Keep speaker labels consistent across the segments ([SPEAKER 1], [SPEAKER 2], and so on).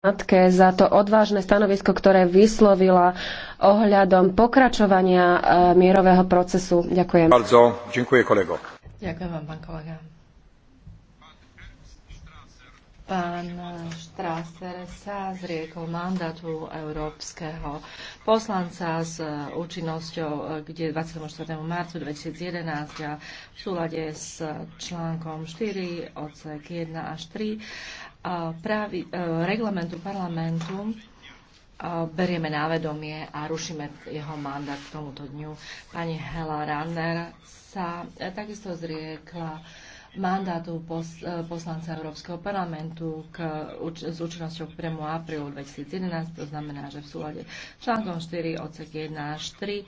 [SPEAKER 1] matke za to odvážne stanovisko, ktoré vyslovila ohľadom pokračovania e, mierového procesu. Ďakujem.
[SPEAKER 2] Bardzo, ďakujem kolego.
[SPEAKER 1] Ďakujem vám, pán kolega. Pán Strasser
[SPEAKER 2] sa zriekol mandátu európskeho poslanca s účinnosťou kde 24. marcu 2011 a v súlade s článkom 4 odsek 1 až 3 právi, e, reglamentu parlamentu e, berieme na vedomie a rušíme jeho mandát k tomuto dňu. Pani Hela Ranner sa e, takisto zriekla mandátu poslanca Európskeho parlamentu k, s účinnosťou k 1. aprílu 2011, to znamená, že v súlade článkom 4 odsek 1 až 3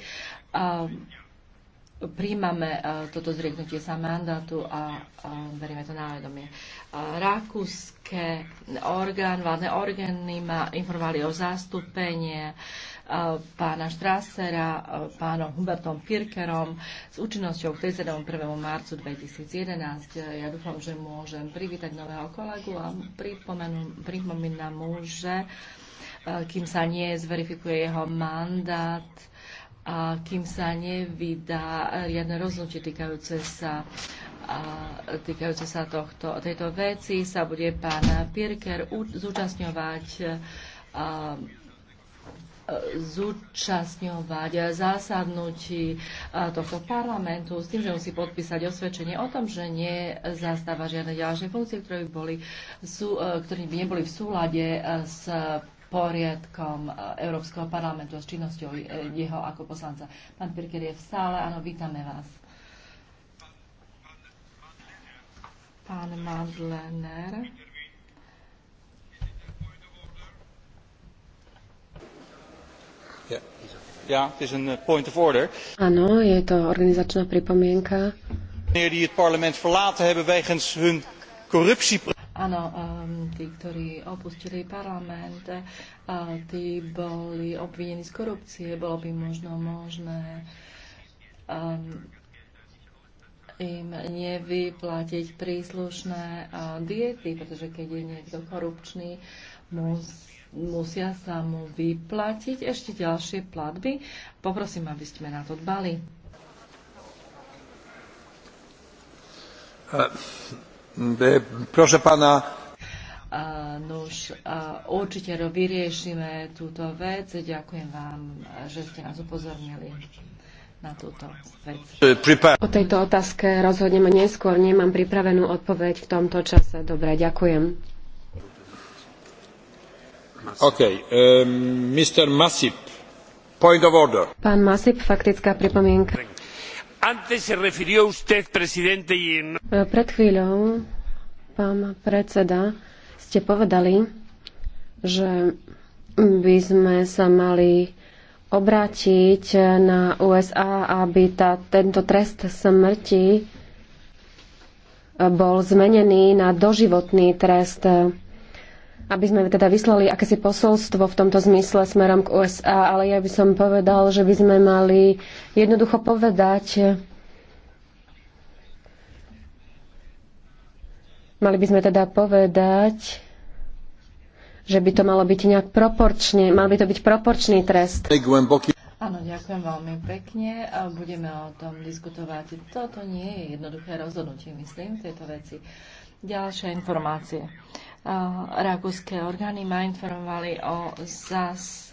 [SPEAKER 2] príjmame e, toto zrieknutie sa mandátu a, a berieme to na vedomie. E, rakúske orgán, vládne orgány ma informovali o zastúpenie e, pána Štrásera, pánom Hubertom Pirkerom s účinnosťou 31. marcu 2011. Ja dúfam, že môžem privítať nového kolegu a pripomínam mu, že kým sa nie zverifikuje jeho mandát, a kým sa nevydá riadne rozhodnutie týkajúce sa a týkajúce sa tohto, tejto veci sa bude pán Pirker zúčastňovať a, e, zúčastňovať zásadnutí tohto parlamentu s tým, že musí podpísať osvedčenie o tom, že nezastáva žiadne ďalšie funkcie, ktoré by, boli, sú, e, ktoré by neboli v súlade e, s poriadkom e, Európskeho parlamentu a s činnosťou e, jeho ako poslanca. Pán Pirker je v sále, áno, vítame vás. Pán Madlener. Ja, het is een eh, point of order.
[SPEAKER 1] Áno, je to organizačná pripomienka.
[SPEAKER 2] Meneer die het parlement verlaten hebben wegens hun corruptie. Áno, uh, tí, ktorí opustili parlament, tí boli obvinení z korupcie, bolo by možno možné um, im nevyplatiť príslušné uh, diety, pretože keď je niekto korupčný, mus, musia sa mu vyplatiť ešte ďalšie platby. Poprosím, aby ste na to dbali.
[SPEAKER 1] Uh, proszę pana,
[SPEAKER 2] Nuž, určite vyriešime túto vec. Ďakujem vám, že ste nás upozornili na túto vec. O
[SPEAKER 1] tejto otázke rozhodneme neskôr. Nemám pripravenú odpoveď v tomto čase. Dobre, ďakujem.
[SPEAKER 2] OK. Um, Mr. Masip, point of order.
[SPEAKER 1] Pán Masip, faktická pripomienka.
[SPEAKER 2] Antes se refirió usted, presidente, y... Pred
[SPEAKER 1] chvíľou, pán predseda, ste povedali, že by sme sa mali obrátiť na USA, aby tá, tento trest smrti bol zmenený na doživotný trest, aby sme teda vyslali akési posolstvo v tomto zmysle smerom k USA, ale ja by som povedal, že by sme mali jednoducho povedať, Mali by sme teda povedať, že by to malo byť nejak proporčne, mal by to byť proporčný trest.
[SPEAKER 2] Áno, ďakujem veľmi pekne. Budeme o tom diskutovať. Toto nie je jednoduché rozhodnutie, myslím, tieto veci. Ďalšie informácie. Rakúske orgány ma informovali o zas